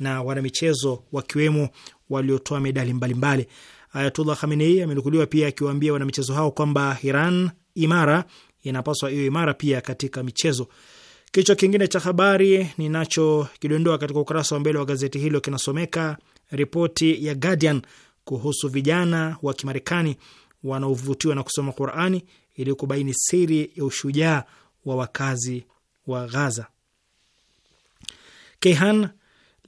na wanamichezo wakiwemo waliotoa medali mbalimbali. Ayatullah Khamenei amenukuliwa pia akiwaambia wanamichezo hao kwamba Iran imara inapaswa hiyo imara pia katika michezo. Kichwa kingine cha habari ninachokidondoa katika ukurasa wa mbele wa gazeti hilo kinasomeka ripoti ya Guardian kuhusu vijana wa Kimarekani wanaovutiwa na kusoma Qurani ili kubaini siri ya ushujaa wa wakazi wa Ghaza. Kehan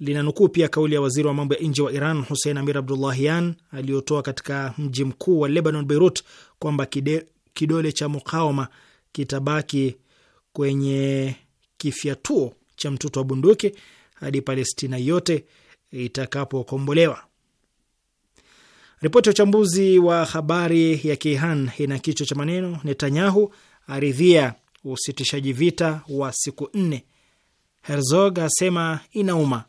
linanukuu pia kauli ya waziri wa mambo ya nje wa Iran Hussein Amir Abdullahian aliyotoa katika mji mkuu wa Lebanon, Beirut, kwamba kidole cha mukawama kitabaki kwenye kifyatuo cha mtoto wa bunduki hadi Palestina yote itakapokombolewa. Ripoti ya uchambuzi wa habari ya Kihan ina kichwa cha maneno Netanyahu aridhia usitishaji vita wa siku nne, Herzog asema inauma.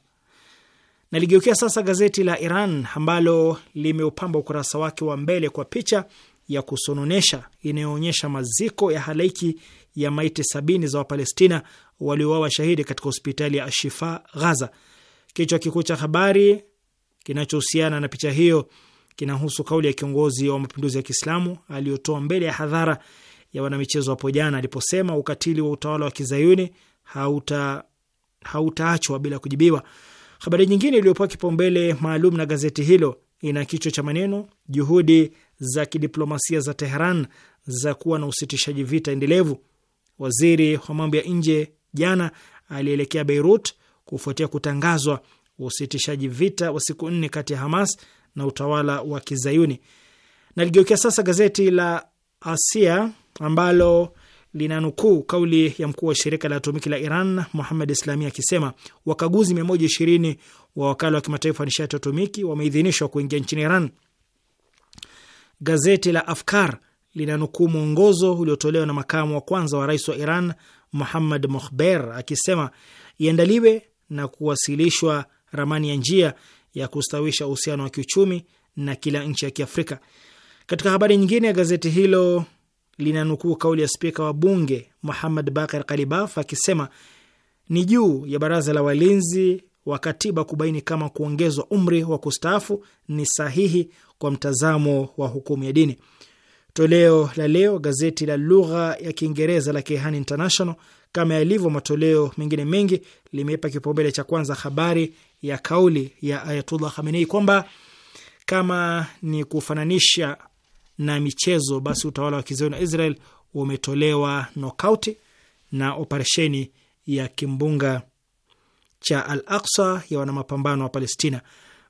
Naligeukia sasa gazeti la Iran ambalo limeupamba ukurasa wake wa mbele kwa picha ya kusononesha inayoonyesha maziko ya halaiki ya maiti sabini za Wapalestina waliouawa shahidi katika hospitali ya Ashifa Ghaza. Kichwa kikuu cha habari kinachohusiana na picha hiyo kinahusu kauli ya kiongozi wa mapinduzi ya Kiislamu aliyotoa mbele ya hadhara ya wanamichezo hapo jana aliposema ukatili wa utawala wa kizayuni hauta hautaachwa bila kujibiwa. Habari nyingine iliyopewa kipaumbele maalum na gazeti hilo ina kichwa cha maneno juhudi za kidiplomasia za Teheran za kuwa na usitishaji vita endelevu. Waziri wa mambo ya nje jana alielekea Beirut kufuatia kutangazwa usitishaji vita wa siku nne kati ya Hamas na utawala wa Kizayuni. Naligeukia sasa gazeti la Asia ambalo linanukuu kauli ya mkuu wa shirika la atomiki la Iran Muhammad Islami akisema wakaguzi 120 wa wakala wa kimataifa wa nishati atomiki wameidhinishwa kuingia nchini Iran. Gazeti la Afkar linanukuu mwongozo uliotolewa na makamu wa kwanza wa rais wa Iran Muhammad mohber akisema iandaliwe na kuwasilishwa ramani ya njia ya kustawisha uhusiano wa kiuchumi na kila nchi ya Kiafrika. Katika habari nyingine, gazeti hilo linanukuu kauli ya spika wa bunge Muhamad Bakar Kalibaf akisema ni juu ya baraza la walinzi wa katiba kubaini kama kuongezwa umri wa kustaafu ni sahihi kwa mtazamo wa hukumu ya dini. Toleo la leo gazeti la lugha ya Kiingereza la Kehan International, kama yalivyo matoleo mengine mengi, limeipa kipaumbele cha kwanza habari ya kauli ya Ayatullah Khamenei kwamba kama ni kufananisha na michezo, basi utawala wa kizayuni na Israel umetolewa nokauti na operesheni ya kimbunga cha Al Aksa ya wanamapambano wa Palestina.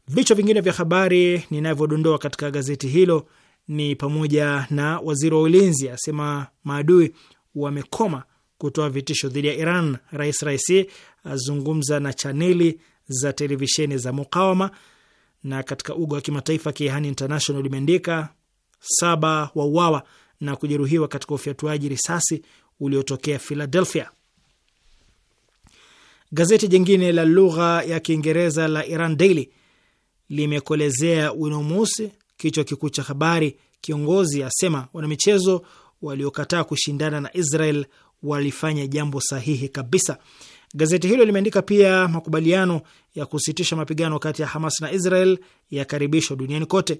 Vichwa vingine vya habari ninavyodondoa katika gazeti hilo ni pamoja na waziri wa ulinzi asema maadui wamekoma kutoa vitisho dhidi ya Iran. Rais Raisi azungumza na chaneli za televisheni za mukawama. Na katika uga wa kimataifa Kihani International limeandika saba wauawa na kujeruhiwa katika ufyatuaji risasi uliotokea Philadelphia. Gazeti jingine la lugha ya Kiingereza la Iran Daily limekolezea wino mweusi kichwa kikuu cha habari, kiongozi asema wanamichezo waliokataa kushindana na Israel walifanya jambo sahihi kabisa. Gazeti hilo limeandika pia makubaliano ya kusitisha mapigano kati ya Hamas na Israel yakaribishwa duniani kote.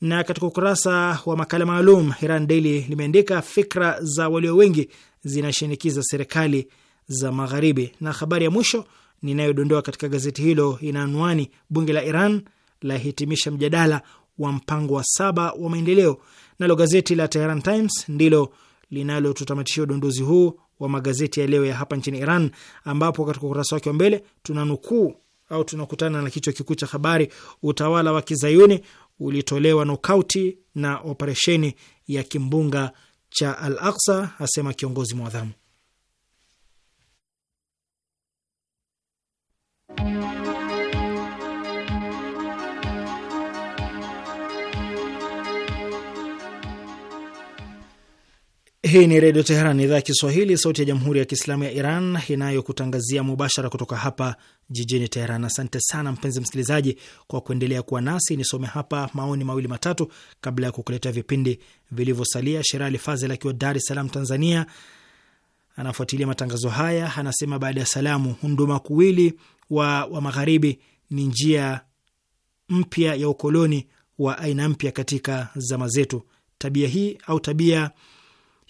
Na katika ukurasa wa makala maalum, Iran Daily limeandika fikra za walio wengi zinashinikiza serikali za Magharibi, na habari ya mwisho ninayodondoa katika gazeti hilo ina anwani bunge la Iran lahitimisha mjadala wa mpango wa saba wa maendeleo. Nalo gazeti la Tehran Times ndilo linalotutamatishia udondozi huu wa magazeti ya leo ya hapa nchini Iran, ambapo katika ukurasa wake wa mbele tunanukuu au tunakutana na kichwa kikuu cha habari, utawala wa kizayuni ulitolewa nokauti na operesheni ya kimbunga cha Al Aksa, asema kiongozi mwadhamu. Hii ni Redio Teheran, idhaa ya Kiswahili, sauti ya Jamhuri ya Kiislamu ya Iran inayokutangazia mubashara kutoka hapa jijini Teheran. Asante sana mpenzi msikilizaji kwa kuendelea kuwa nasi. Nisome hapa maoni mawili matatu kabla ya kukuletea vipindi vilivyosalia. Sherali Fazel akiwa Dar es Salaam, Tanzania, anafuatilia matangazo haya, anasema baada ya salamu, hunduma kuwili wa, wa magharibi ni njia mpya ya ukoloni wa aina mpya katika zama zetu. Tabia hii au tabia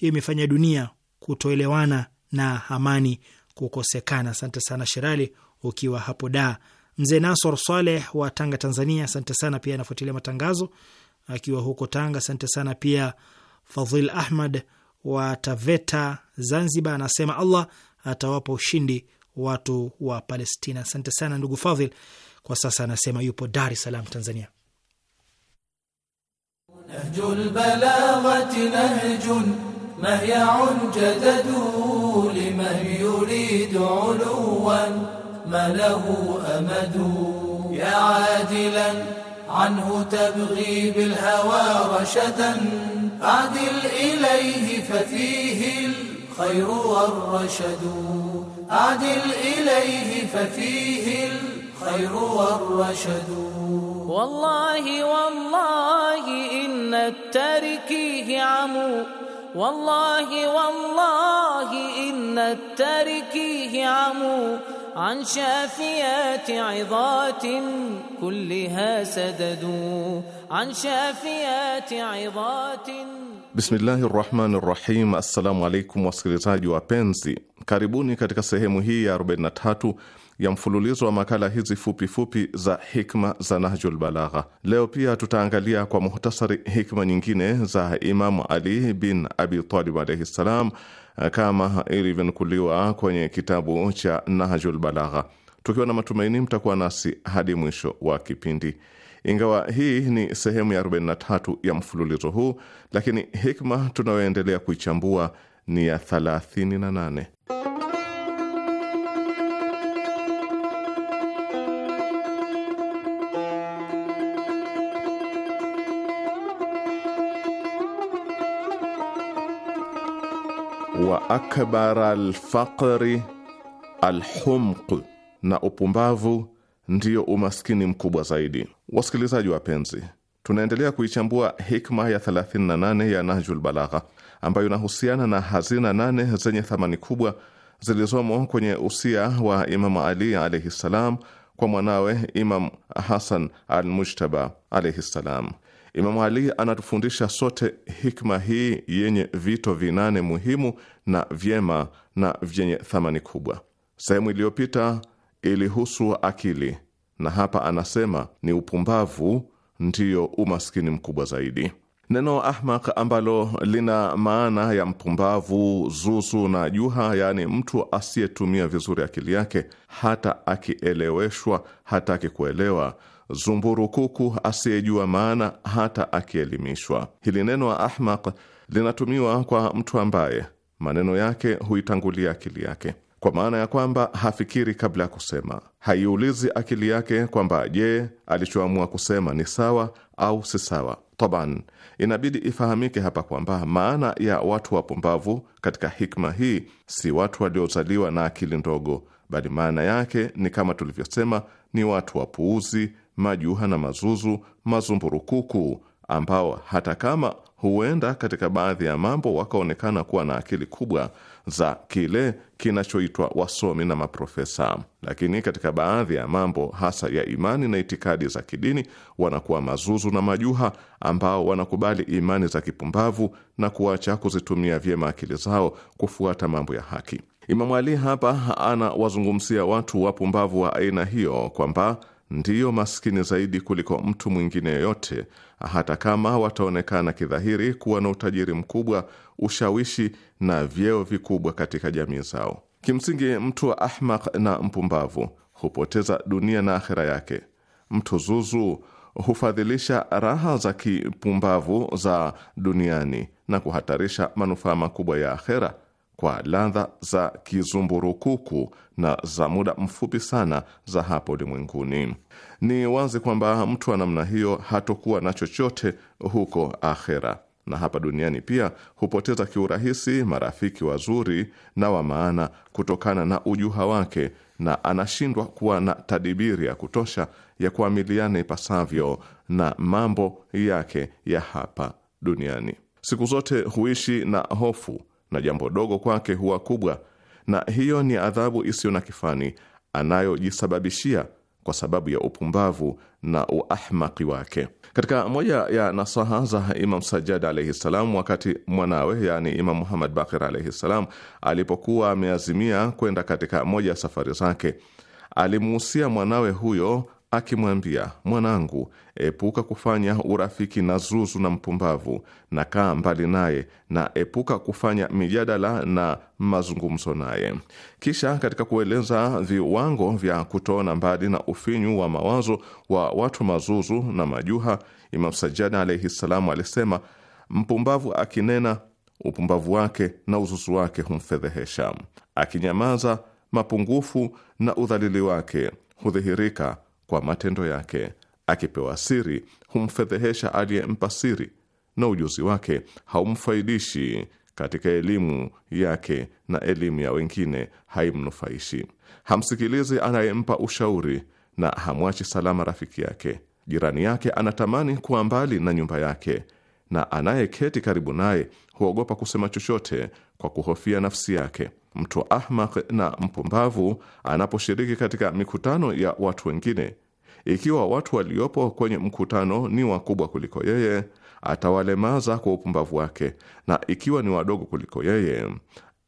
hiyo imefanya dunia kutoelewana na amani kukosekana. Asante sana Sherali ukiwa hapo da. Mzee Nasor Saleh wa Tanga, Tanzania, asante sana pia, anafuatilia matangazo akiwa huko Tanga. Asante sana pia. Fadhil Ahmad wa Taveta, Zanzibar, anasema Allah atawapa ushindi watu wa Palestina. Asante sana ndugu Fadhil. Kwa sasa anasema yupo Dar es Salaam, Tanzania. Nahjul nahjun مهيع جدد لمن يريد علوا ما له أمد يا عادلا عنه تبغي بالهوى رشدا أعدل إليه ففيه الخير والرشد أعدل إليه ففيه الخير والرشد والله والله إن التاركيه عمو والله والله إن التركيه عمو عن شافيات عظات كلها سددوا عن شافيات عظات بسم الله الرحمن الرحيم السلام عليكم وسكرتاج وابنزي كاربوني katika sehemu hii ya 43 ya mfululizo wa makala hizi fupi fupi za hikma za Nahjul Balagha. Leo pia tutaangalia kwa muhtasari hikma nyingine za Imamu Ali bin Abi Talib alaihi ssalam, eh, kama ilivyonukuliwa kwenye kitabu cha Nahjul Balagha, tukiwa na matumaini mtakuwa nasi hadi mwisho wa kipindi. Ingawa hii ni sehemu ya 43 ya mfululizo huu, lakini hikma tunayoendelea kuichambua ni ya 38. wa akbara alfaqri alhumq, na upumbavu ndiyo umaskini mkubwa zaidi. Wasikilizaji wapenzi, tunaendelea kuichambua hikma ya 38 ya Nahjul Balagha ambayo inahusiana na hazina nane zenye thamani kubwa zilizomo kwenye usia wa Imamu Ali alaihi ssalam kwa mwanawe Imam Hasan al Mujtaba alaihi ssalam. Imamu Ali anatufundisha sote hikma hii yenye vito vinane muhimu na vyema na vyenye thamani kubwa. Sehemu iliyopita ilihusu akili, na hapa anasema ni upumbavu ndiyo umaskini mkubwa zaidi. Neno ahmak ambalo lina maana ya mpumbavu, zuzu na juha, yaani mtu asiyetumia vizuri akili yake, hata akieleweshwa hataki kuelewa, zumburukuku asiyejua maana hata akielimishwa. Hili neno ahmaq linatumiwa kwa mtu ambaye maneno yake huitangulia akili yake, kwa maana ya kwamba hafikiri kabla ya kusema, haiulizi akili yake kwamba je, alichoamua kusema ni sawa au si sawa. Taban, Inabidi ifahamike hapa kwamba maana ya watu wapumbavu katika hikma hii si watu waliozaliwa na akili ndogo, bali maana yake ni kama tulivyosema, ni watu wapuuzi, majuha na mazuzu, mazumburukuku ambao hata kama huenda katika baadhi ya mambo wakaonekana kuwa na akili kubwa za kile kinachoitwa wasomi na maprofesa, lakini katika baadhi ya mambo hasa ya imani na itikadi za kidini wanakuwa mazuzu na majuha, ambao wanakubali imani za kipumbavu na kuacha kuzitumia vyema akili zao kufuata mambo ya haki. Imamu Ali hapa anawazungumzia watu wapumbavu wa aina hiyo kwamba ndiyo maskini zaidi kuliko mtu mwingine yoyote, hata kama wataonekana kidhahiri kuwa na utajiri mkubwa, ushawishi na vyeo vikubwa katika jamii zao. Kimsingi, mtu wa ahmak na mpumbavu hupoteza dunia na akhera yake. Mtu zuzu hufadhilisha raha za kipumbavu za duniani na kuhatarisha manufaa makubwa ya akhera kwa ladha za kizumburukuku na za muda mfupi sana za hapo ulimwenguni. Ni wazi kwamba mtu wa namna hiyo hatokuwa na chochote huko akhera, na hapa duniani pia hupoteza kiurahisi marafiki wazuri na wa maana kutokana na ujuha wake, na anashindwa kuwa na tadibiri ya kutosha ya kuamiliana ipasavyo na mambo yake ya hapa duniani. Siku zote huishi na hofu na jambo dogo kwake huwa kubwa, na hiyo ni adhabu isiyo na kifani anayojisababishia kwa sababu ya upumbavu na uahmaki wake. Katika moja ya nasaha za Imam Sajjad alaihi ssalam, wakati mwanawe yaani Imam Muhammad Bakir alaihi ssalam alipokuwa ameazimia kwenda katika moja ya safari zake, alimuhusia mwanawe huyo akimwambia mwanangu, epuka kufanya urafiki na zuzu na mpumbavu, na kaa mbali naye, na epuka kufanya mijadala na mazungumzo naye. Kisha katika kueleza viwango vya kutoona mbali na ufinyu wa mawazo wa watu mazuzu na majuha, Imam Sajjad alaihi ssalamu alisema, mpumbavu akinena upumbavu wake na uzuzu wake humfedhehesha; akinyamaza mapungufu na udhalili wake hudhihirika kwa matendo yake. Akipewa siri humfedhehesha aliyempa siri, na ujuzi wake haumfaidishi katika elimu yake, na elimu ya wengine haimnufaishi. Hamsikilizi anayempa ushauri na hamwachi salama rafiki yake. Jirani yake anatamani kuwa mbali na nyumba yake, na anayeketi karibu naye huogopa kusema chochote kwa kuhofia nafsi yake. Mtu ahmak na mpumbavu anaposhiriki katika mikutano ya watu wengine, ikiwa watu waliopo kwenye mkutano ni wakubwa kuliko yeye, atawalemaza kwa upumbavu wake, na ikiwa ni wadogo kuliko yeye,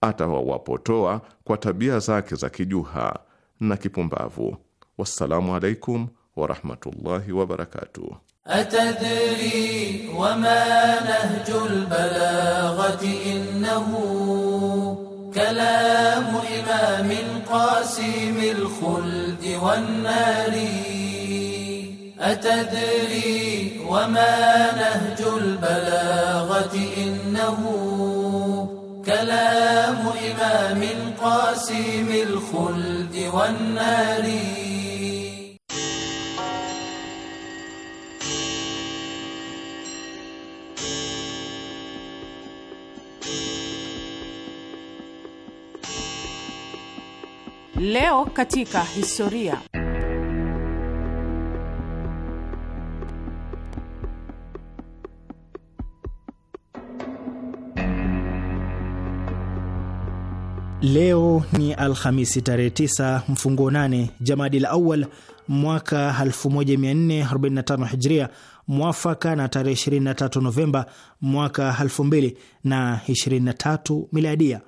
atawapotoa kwa tabia zake za kijuha na kipumbavu. Wassalamu alaikum warahmatullahi wabarakatuh. Atadri nahjul balaghati innahu كلام إمام قاسم الخلد والنار أتدري وما نهج البلاغة إنه كلام إمام قاسم الخلد والنار Leo katika historia. Leo ni Alhamisi tarehe 9 mfungo 8 Jamadi la Awal mwaka 1445 Hijria, mwafaka na tarehe 23 Novemba mwaka 2023 Miladia.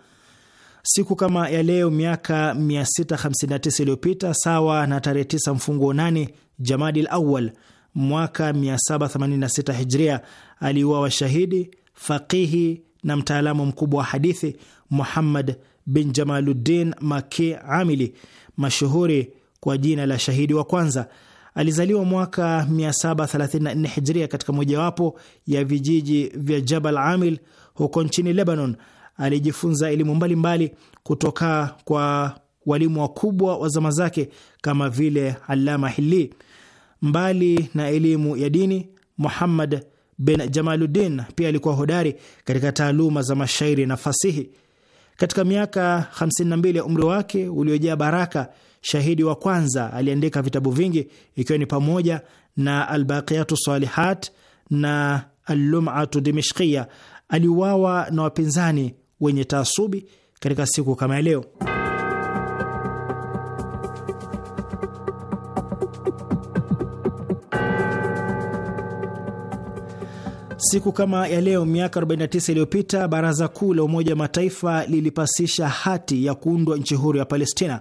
Siku kama ya leo miaka 659 iliyopita, sawa na tarehe 9 mfungo 8 Jamadil Awal mwaka 786 Hijria, aliuawa shahidi faqihi na mtaalamu mkubwa wa hadithi Muhammad bin Jamaluddin Maki Amili, mashuhuri kwa jina la Shahidi wa Kwanza. Alizaliwa mwaka 734 Hijria katika mojawapo ya vijiji vya Jabal Amil huko nchini Lebanon alijifunza elimu mbalimbali kutoka kwa walimu wakubwa wa zama zake kama vile Allama Hili. Mbali na elimu ya dini, Muhammad bin Jamaluddin pia alikuwa hodari katika taaluma za mashairi na fasihi. Katika miaka 52 ya umri wake uliojaa baraka, shahidi wa kwanza aliandika vitabu vingi, ikiwa ni pamoja na Albaqiyatu Salihat na Allumatu Dimishkia. Aliuawa na wapinzani wenye taasubi katika siku kama ya leo. Siku kama ya leo miaka 49 iliyopita Baraza Kuu la Umoja wa Mataifa lilipasisha hati ya kuundwa nchi huru ya Palestina.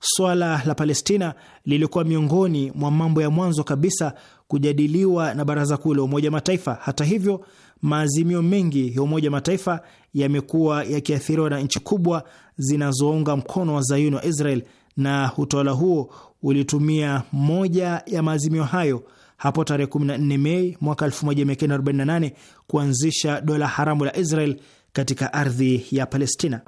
Swala la Palestina lilikuwa miongoni mwa mambo ya mwanzo kabisa kujadiliwa na Baraza Kuu la Umoja Mataifa. Hata hivyo, maazimio mengi ya Umoja Mataifa yamekuwa yakiathiriwa na nchi kubwa zinazounga mkono wa zayuni wa Israel, na utawala huo ulitumia moja ya maazimio hayo hapo tarehe 14 Mei mwaka 1948 kuanzisha dola haramu la Israel katika ardhi ya Palestina.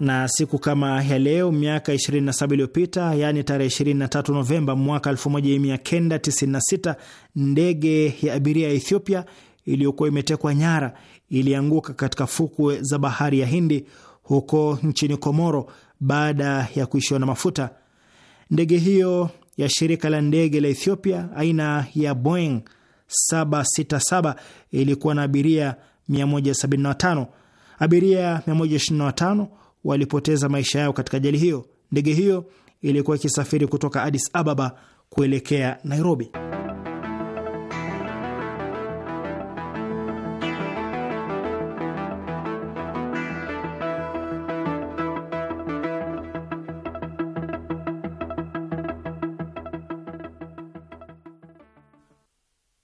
na siku kama ya leo miaka 27 iliyopita, yaani tarehe 23 Novemba mwaka 1996, ndege ya abiria ya Ethiopia iliyokuwa imetekwa nyara ilianguka katika fukwe za bahari ya Hindi huko nchini Komoro baada ya kuishiwa na mafuta. Ndege hiyo ya shirika la ndege la Ethiopia aina ya Boeing 767 ilikuwa na abiria 175. Abiria 125 walipoteza maisha yao katika ajali hiyo. Ndege hiyo ilikuwa ikisafiri kutoka Addis Ababa kuelekea Nairobi.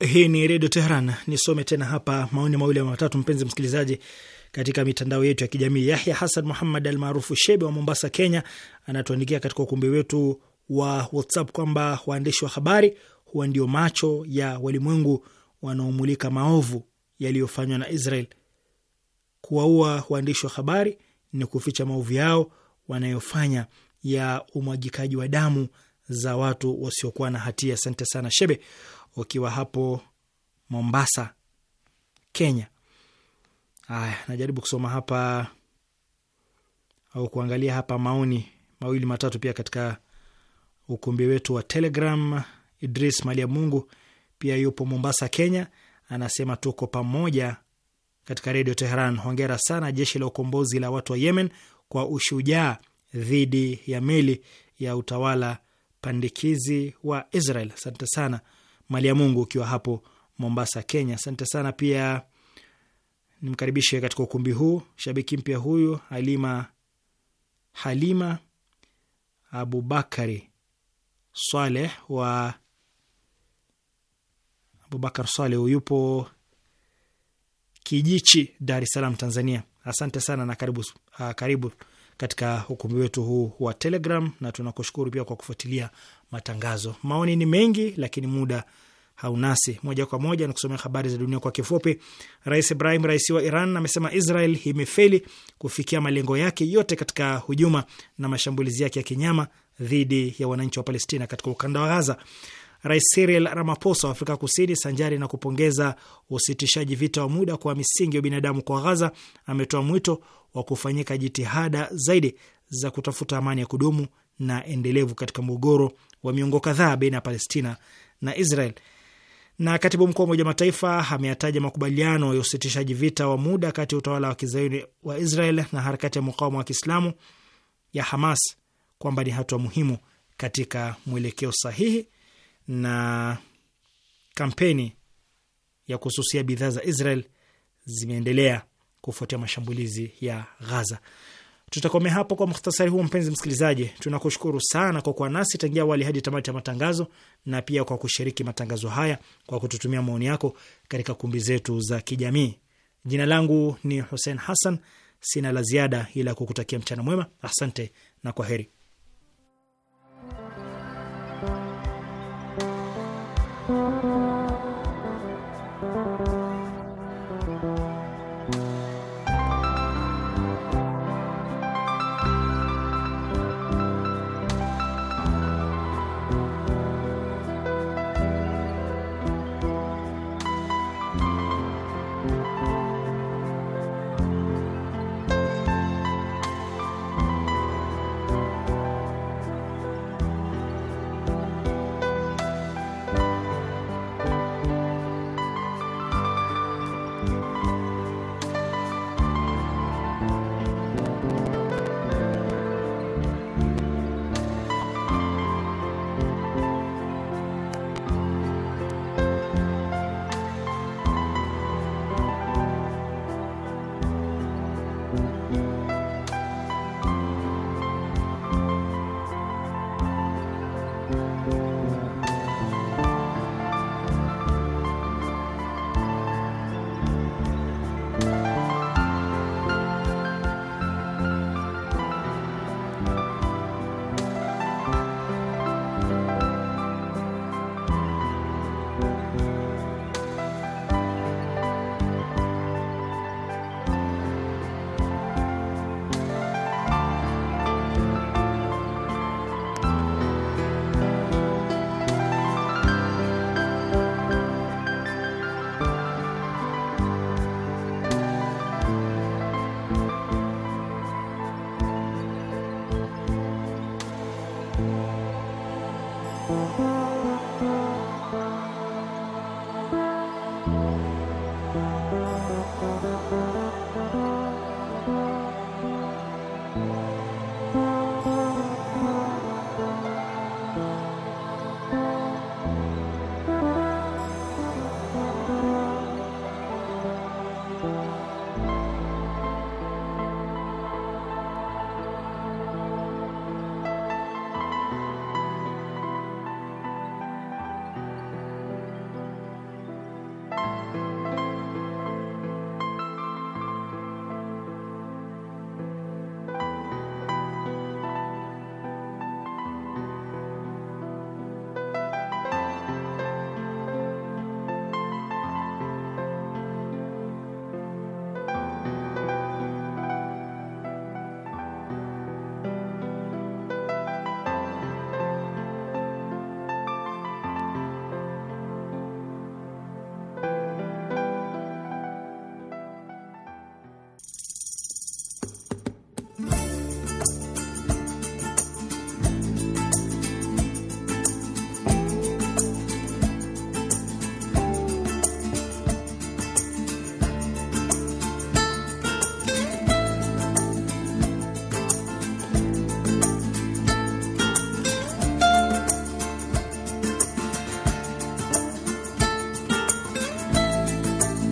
Hii ni Redio Teheran. Nisome tena hapa maoni mawili matatu, mpenzi msikilizaji katika mitandao yetu ya kijamii. Yahya Hasan Muhammad almaarufu Shebe wa Mombasa, Kenya, anatuandikia katika ukumbi wetu wa WhatsApp kwamba waandishi wa habari huwa ndio macho ya walimwengu wanaomulika maovu yaliyofanywa na Israel. Kuwaua waandishi wa habari ni kuficha maovu yao wanayofanya ya umwagikaji wa damu za watu wasiokuwa na hatia. Asante sana Shebe, ukiwa hapo Mombasa, Kenya. Aya, najaribu kusoma hapa au kuangalia hapa maoni mawili matatu pia katika ukumbi wetu wa Telegram. Idris Malia Mungu pia yupo Mombasa, Kenya, anasema tuko pamoja katika Redio Teheran. Hongera sana jeshi la ukombozi la watu wa Yemen kwa ushujaa dhidi ya meli ya utawala pandikizi wa Israel. Asante sana Malia Mungu ukiwa hapo Mombasa, Kenya. Asante sana pia nimkaribishe katika ukumbi huu shabiki mpya huyu Halima, Halima Abubakari Saleh wa Abubakar Saleh huyupo Kijichi, Dar es Salaam, Tanzania. Asante sana na karibu, uh, karibu katika ukumbi wetu huu wa Telegram na tunakushukuru pia kwa kufuatilia matangazo. Maoni ni mengi, lakini muda haunasi moja kwa moja na kusomea habari za dunia kwa kifupi. Rais Ibrahim Raisi wa Iran amesema Israel imefeli kufikia malengo yake yote katika hujuma na mashambulizi yake ya kinyama dhidi ya wananchi wa Palestina katika ukanda wa Gaza. Rais Cyril Ramaphosa wa Afrika Kusini, sanjari na kupongeza usitishaji vita wa muda kwa misingi ya binadamu kwa Gaza, ametoa mwito wa kufanyika jitihada zaidi za kutafuta amani ya kudumu na endelevu katika mgogoro wa miongo kadhaa baina ya Palestina na Israel. Na katibu mkuu wa Umoja wa Mataifa ameyataja makubaliano ya usitishaji vita wa muda kati ya utawala wa kizayuni wa Israel na harakati ya mukawama wa Kiislamu ya Hamas kwamba ni hatua muhimu katika mwelekeo sahihi na kampeni ya kususia bidhaa za Israel zimeendelea kufuatia mashambulizi ya Ghaza. Tutakomea hapo kwa muhtasari huu. Mpenzi msikilizaji, tunakushukuru sana kwa kuwa nasi tangia awali hadi tamati ya matangazo na pia kwa kushiriki matangazo haya kwa kututumia maoni yako katika kumbi zetu za kijamii. Jina langu ni Hussein Hassan, sina la ziada ila kukutakia mchana mwema. Asante na kwa heri.